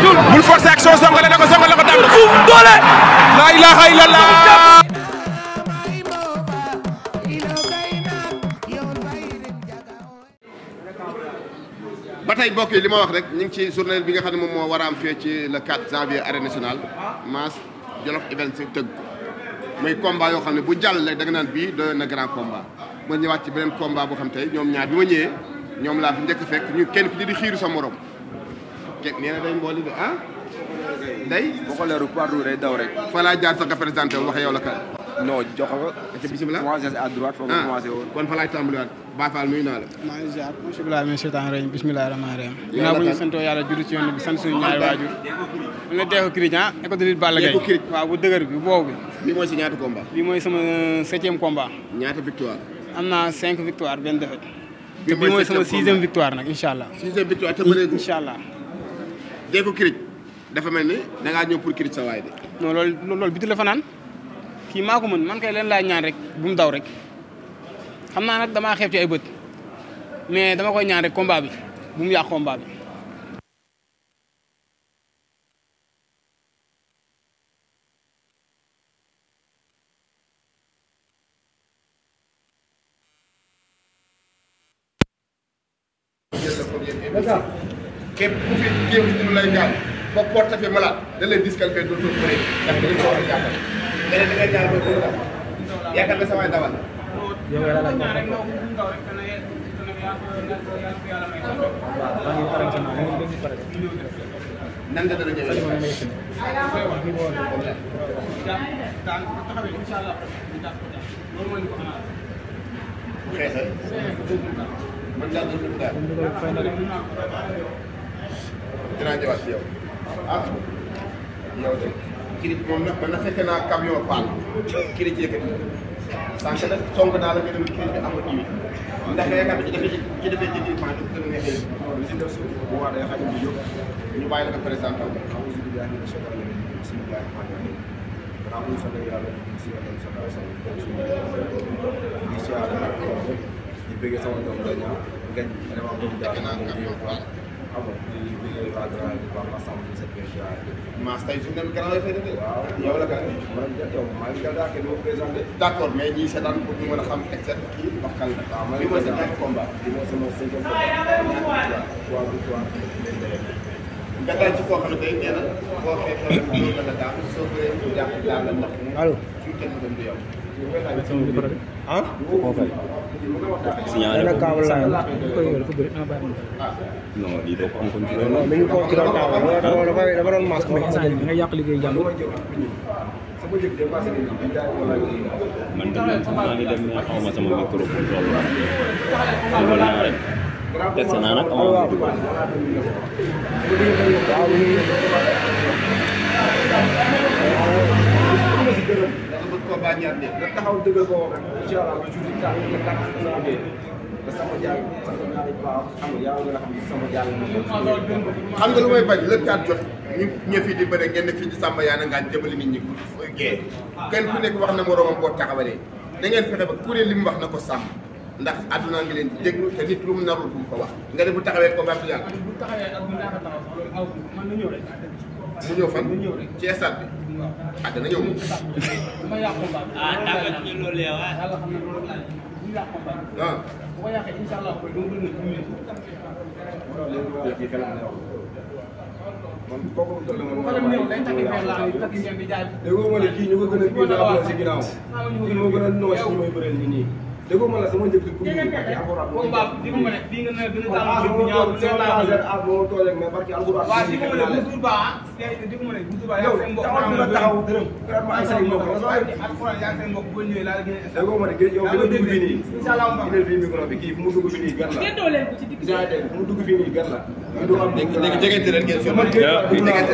Oh, bul forcer ak soo songale na ko songale na ko daan na fuuf doole. la ilaha illa ba tey mbokk yi li ma wax rek ñu ngi ci journée bi nga xam ne moom moo war a am fii ci le 4 janvier arène nationale Mass Jolof Events tëgg may combat yoo xam ne bu jàll rek da nga naan bii doyoon na grand combat ma ñëwaat ci beneen combat boo xam tey ñoom ñaar bi ma ñëwee ñoom laa fi njëkk fekk ñu kenn ku di xiiru sa morom kenn day mbooli de ah day boo ko leeru partout day daw rek fa laa jaar sax nga présenté wu waxee yow la kan non jox ko ca bisimilah commencé à droite Baye Fall nuyu naa la. maa ngi ziar monsieur Bilal mi seetaan rëy bisimilah rahmaani rahim. ginnaaw bu ñu santoo yàlla juru ci yoon bi sant suñu ñaari waajur. mu ne Deeku Kirij ah école de lutte Balla Gaye. waaw bu dëgër bi boobu bi. mooy si ñaata combat. bii mooy sama euh, septième combat. ñaata victoire. am na cinq victoire benn défaite. bii mooy sama sixième victoire nag incha allah. sixième victoire te bëreegul Kirij dafa mel ni da ngaa ñëw pour Kirij sa waay de. non loolu loolu biti fanaan kii maa mën man kay leen rek bu mu daw rek xam naa nag damaa xeeb ci ay bët mais dama koy ñaan rek combat bi bu mu yàq combat bi. ko war a jàppale. léeg yow yàlla laaj ko nan nga dara jëlee man daal dund daal. dinaa ñëwaat si yow. ah yow de. kii moom nag man na fekkee naa camion paal. kii la ci yëkkati sànq nag song naa la nga dem kii bi am na kii bi ndax yaakaar ci defee ci defee ci dimanche bi dina neexee lu si def suuf bu waa di yóbbu ñu bàyyi la ko présenté wu. auzu billaahi mina shaytaani rajiim bismillaahi rahmaani rahiim gannaaw bu ñu sant yàlla si yàlla sa kaw sa kaw suñu di siyaare ak di bëggee sama doom dañaa ngañ vraiment doom jaar naa nga xam ah, nga di liggéey waa grand yi waa Massa Moussa Seck Mass tey suñu dem grand yi fay defee. waaw yow la kan. man yow maa ngi gàllankoor kenn moo présenté. d' accord mais ñii seetaan pour ñu mën a xam exact kii wax kan la. waaw man li mooy sa ñaari combat. li mooy sama cinquième combat. waaw victoire nga daal ci koo xam ne tey nee na boo xeexee loolu la nga daal soo bëree ñu jàpp daal la ndax. allo. suñu kenn du yow. ah. signalé ko non lii doo ko am kon ci loolu. ko ci doon taawal wala dafa dafa doon nga yàq liggéey jàmm. man dem nañ maa ngi dem mais xaw ma sama micro pour loolu la. dugal naa rek. test naa nag koo bàyyi ñaar ñëpp taxaw dëgg ko wax incha allah le jour du cas le quatre janvier da sama jàll sax naa xam nga yàlla nga xam lu may bañ le quatre jot ñu ñëf di bëre ngeen fii di sàmm yaa na ngaan jëbali nit ñi gée kenn ku nekk wax na moroomam koo taxawalee da ngeen fexe ba kuréel li mu wax na ko sàmm ndax àdduna ngi leen di déglu te nit lu mu narul bu mu ko wax nga ne bu taxawee ko baax du bu taxawee ak bu ñaata taxaw loolu aw man mu ñëw fan ci bi ah dana ñëw. ah tàggat ñu loolu yow ah. ah. man kooku mu toll nii moom mooy mooy a kii a si ginnaaw kii moo a noos ñu déggoo ma la sama njëkk bu ñu combat bi ma ne fii nga ne dina taal bu ñaaw bu ñaaw la ak mo ma ne bu ba ma ne bu ba yaa seen mbokk am na taxaw a déggoo ma ne yow bi dugg fii nii inshallah mu dugg fii mu dugg fii nii gan léegi jegante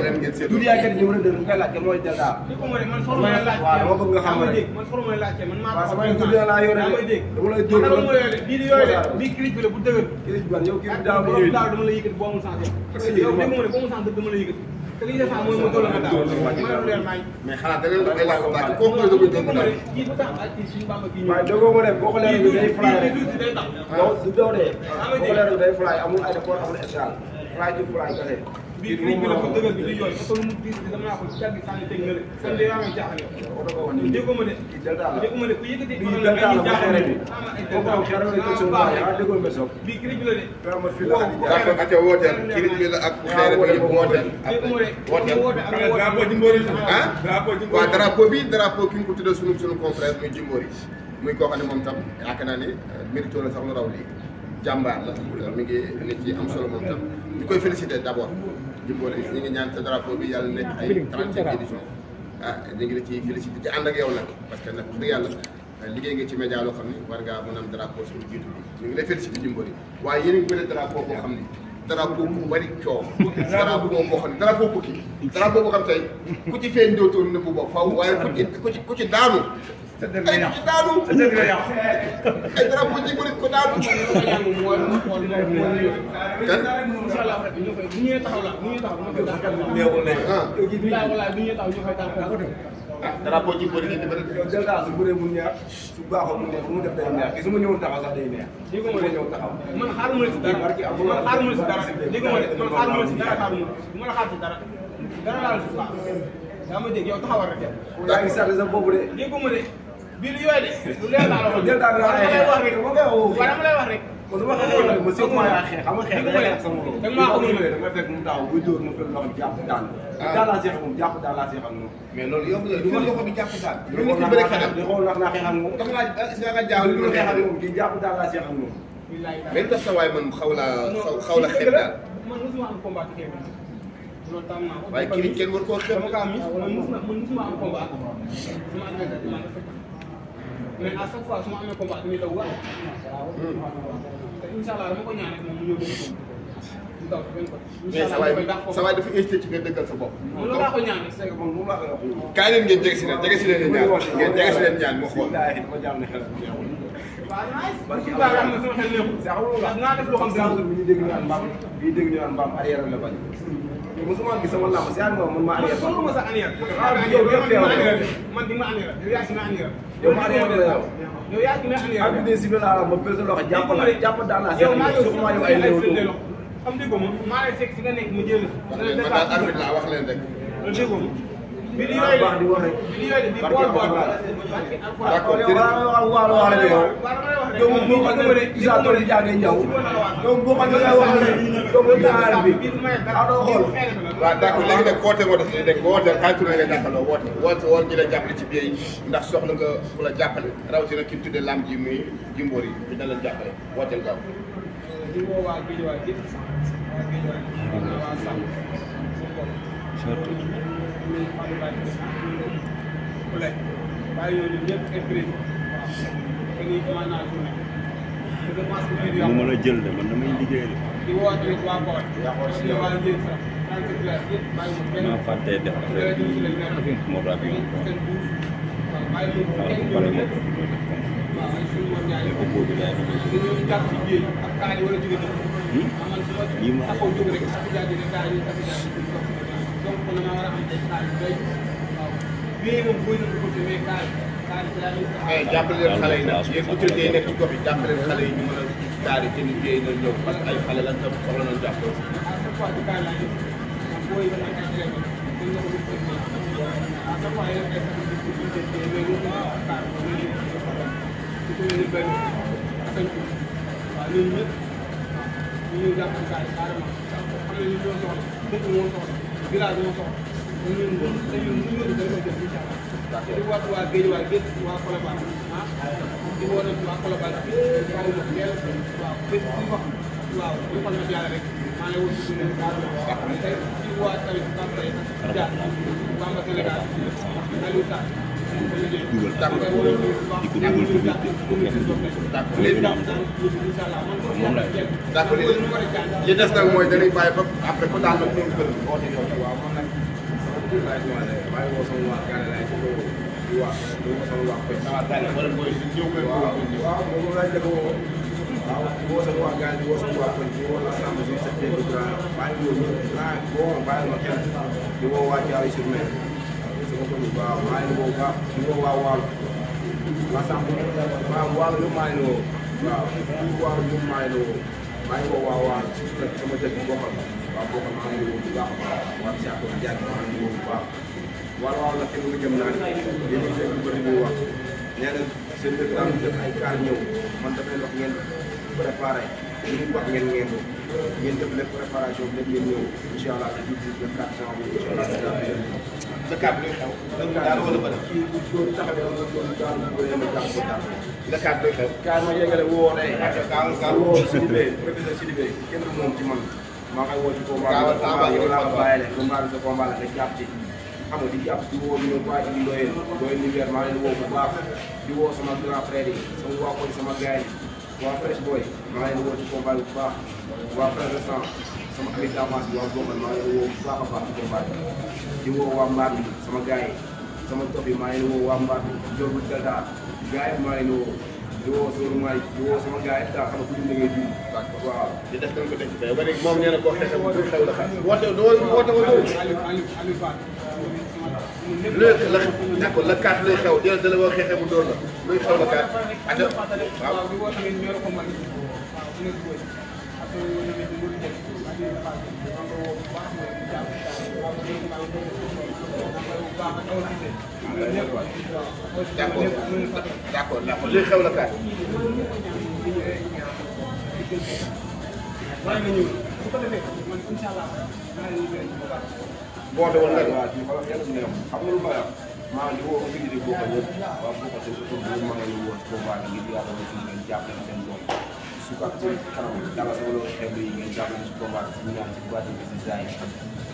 leen ngeen seet. du yaakaar ni numéro 2 bi nga laajte mooy Delta. man solo may laajte waaw dama bëgg nga xam rek. man solo may laajte man maa ko xam naa laa yore dama lay dóor man bii di yooyu de bii crise bi la bu dëgër. crise bi yow crise bi daaw bi dama la yëkkati boo amul sens yow dégg nga ne boo amul sens dama la yëkkati te li defaat mooy mu toll nga daaw maanaam leer nañ. mais xanaa da ngeen ay laaj ko baax kooku mooy dugg dégg naa. waaye déggoo ma ne boo ko leeral bi day fly rek. waaw du dow dee. Ah, boo ko leeral bi day fly amul aéroport amul escale. fly ci fly kese. biir biir bi la ko dëgër bi di yooyu dafa mu diis bi dama ku yëkkati bi kirij bi la de dama fi la ak ak woote kirij bi la ak xéer bi yëpp woote woote ah? drapeau bi drapeau ki ñu ko tuddee sunu sunu confrère muy Jimbori muy koo xam ne moom tam yaakaar naa ne mérito la sax lu raw lii jàmbaar la mi ngi nit yi am solo moom tam ñu koy félicité d' abord jimboole ñu ngi ñaan sa drapeau bi yàlla nekk ay trente-cinq édition ah ñu ngi la ciy félicité di ànd ak yow nag parce que nag yàlla ah, liggéey nga ci média loo xam ne war ngaa mën a am drapeau suñu jiitu bi ñu ngi lay félicité jimboole waaye yéen a ngi bëri drapeau boo xam ne drapeau bu bari coow drapeau boo xam ne drapeau pukki drapeau boo xam tey ku ci feeñ dootoon nëbbu bopp faw waaye ku ci ku ci daanu sa dër nga yàqu sa dër nga yàqu. ay drapeau ji bëri ko daanu. drapeau ji bëri ngeen di bëri. yow jël naa su bëree mu neex su baaxoo mu neex mu def day neex su ma ñëwoon taxaw sax day neex. dégg nga ma ñëw taxaw. man xaaruma si dara man xaaruma si dara dégg nga ma ne man xaaruma si dara xaaruma du ma la xaar si dara dara laa la si waaw. yaa ma dégg yow taxawal rek. yaa ngi sàrde sa boobu de. dégg nga ma de. biir yooyu de lu leer laa la ko jël dama lay wax rek waaw dama lay wax rek. kon dama xamul woon monsieur Mawla xeex xam nga xeex da ngay ak sama bopp. da nga ma fekk mu taw bu dóor ma fekk loxo bi jàpp daan. ah daan laa seexal moom jàpp daan laa seexal moom. mais loolu yow du ma loxo bi jàpp daan. loolu nit ki bëri xanaa di xool ndax naa xeexal moom. dama laa ah, si nga jaaw li ma xeexal moom di jàpp daan laa seexal moom. benn tas sa waay man xaw laa xaw la xeex daal. man mosuma am combat ci waaye kii kenn war koo xeex. dama ko am man mosuma am combat mais à chaque fois su ma amee combat dañuy daw waaw. te incha allah dama ko ñaanal moom mu ñëw dëgg mu daw benn côté. incha allah dafay dàq ko mais sa waay dafa incité ci nga dëggal sa bopp. loolu laa ko ñaanal c'est que moom moom laa koy wax. kaay leen ngeen jege si leen jege si leen ñaan ngeen jege si leen ñaan ma xool. waaw si baax na sama xel lépp. sax wala naa def loo xam ne. bii dégg ñu naan mbaam bii dégg ñu naan mbaam arrière la bañ. mosuma gis sama làmb si ànd nga man ma arrière man ma sa arrière man di ma arrière yow yaa si ma arrière yow ma arrière la yow yow yaa si ma arrière am bi si la ma pèse loxo jàpp la jàpp daan naa yow maa yow suma yow ay léew am dégg ma maa lay fekk si nga nekk ma jël la arbitre la wax leen rek dégg ma mais li baax di wax rek. barke Alxuraan d'accord jërëjëf waaw ne Issa bi adoo xool. waaw moo tax ñu nekk woote xaalitu la nga jàppaloo woote woote woon la jàppale ci biir ndax soxla nga ku la jàppale rawatina ki tuddee lamb ji muy jimboor yi bi na leen jàppale wooteel gaaw. di di nuyu Fallou Ba Koulé waaye yooyu ñëpp ay président waaw dañuy commencé naa tourné. te semence bi ñu mën a jël de man damay liggéey de. di woo tamit waa Bawol. yàqoo si yow waaw yéen sax. maa fàttee def affaire bi moto ak yoon quoi. waaw bu paree moto bi ma def comme. mais bu boobu laay dugal si. Hmm? lii ma. donc da ngaa war a am ay kaay yu doy waaw bii moom buy na ko fi mais kaay kaay ci laa leen. waaw waaw jàppale leen xale yi nag yéen autorités yi nekk ci gox yi jàppale leen xale yi ñu mën a kaay yi jënd jëy na ñëw parce que ay xale lan tam soxla nañu jàppale. à chaque fois ci kaay laa ñu ndax boo yëgee ay ay jërëjëf dañ la ko gis rek mais à chaque fois yéen ay sax gis ko gis rek mais loolu moom dafa kaay loolu yëpp dafa problème ci suñu leen benn sañ ko waaw ñun ñëpp ñu ngi jàppale kaay carrément xam nañu ñoo soxla dëkk moo soxla village ñoo soxla te ñun ñun dañu ñu ñu dañ koy def incha allah te di waat waa géej waa géej waa Colobane ah di woon ak waa Colobane bi bàyyi na teel waaw bépp bu wax waaw ñu xool nag yàlla rek maa ngi woon suñu tey di waat tamit Bamba Sénégal Aliou Sall dugal di ko dugal ci biir ko kenn dugal moom laay li des nag mooy dañuy bàyyi ba après ko daal la moom gën oote yow waaw man nag bàyyi woo sama waa gaale laay ci loolu di wax woo sama waa koy sama gaale wala mooy ñëw koy waaw waaw moom laay dëgg woo waaw woo sama waa gaale woo sama waa koy di woo la sàmm si sa tee du grand bàyyi woo ñëpp grand boo bàyyi ma kenn di woo waa jaay sur mer waaw maa ngi woo baax di woo waa Waalo waa Samb waaw Waalo yëpp maa ngi la woo waaw Waalo yëpp maa ngi la woo maa ngi woo waa Waalo surtout nag sama dëkk bokkal waaw bokkal maa ngi woo bu baax a baax waa Thiago Diagne maa ngi woo bu baax Waalo Waalo la kenn jëm naa ne li ñu dégg lu bëri muy wax nee na seen dëkk daal ñu def ay kaar ñëw man dafay wax ngeen préparé li ñu wax ngeen ngeen ko ngeen def lépp préparation bi lépp ngeen ñëw incha allah le 4 janvier incha allah lëkkaat doy xew. daal wala bëri. kii bu góor taxawee wala góor daal bu bëri yàlla daal bu daal. lëkkaat doy woo. tey kaay kenn moom ci man. maa ngi woo ci combat bi. kaawal combat bi yow laa ko bàyyi leen. combat bi sa combat la nga jàpp ci. xam nga di jàpp di woo ñoom waa ji Ndoye Ndoye Niger maa leen woo bu di woo sama grand frère yi waa koñ sama gars yi waa Fresh Boy maa leen woo ci combat bi bu waa Frère de sama ami d'avance bi waa Bombal maa ngi leen woo bu baax a baax ci combat di woo waa mbaar mi sama gars yi sama topp yi maa ngi leen woo waa mbaar mi Diop Delta gars yi maa ngi leen woo di woo Sow Maly di woo sama gars yi daa xam ne fu ñu liggéey dund. waaw di def ko teg ci kër ba léegi moom nee na koo xeexal bu xew la xew. woote doo woote wala doo. léegi la d'accord la kaat luy xew déedéet da la woo xeexee bu doon la luy xew la kaat. waaw. d'accord d'accord d'accord li xew la kaay. boote woon nag waaw ci xalam yàlla na yomb xam nga lu ma wax maa ngi woo ko fi di bokk ñëpp waaw bokk seen tur bi maa ngi woon combat ngir yàlla na fi ngeen jàppale seen bopp su ko ak ci kanam dama sama loolu xew yi ngeen jàppale ci combat ñu ñaan ci boîte bi ci jaay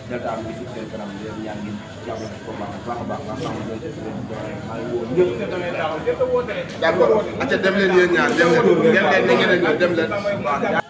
delta am ngi ci seen kanam leen ñaan ngeen jàppale ci combat bu baax a baax nga xam ne doon te dem leen yéen ñaar dem leen dem leen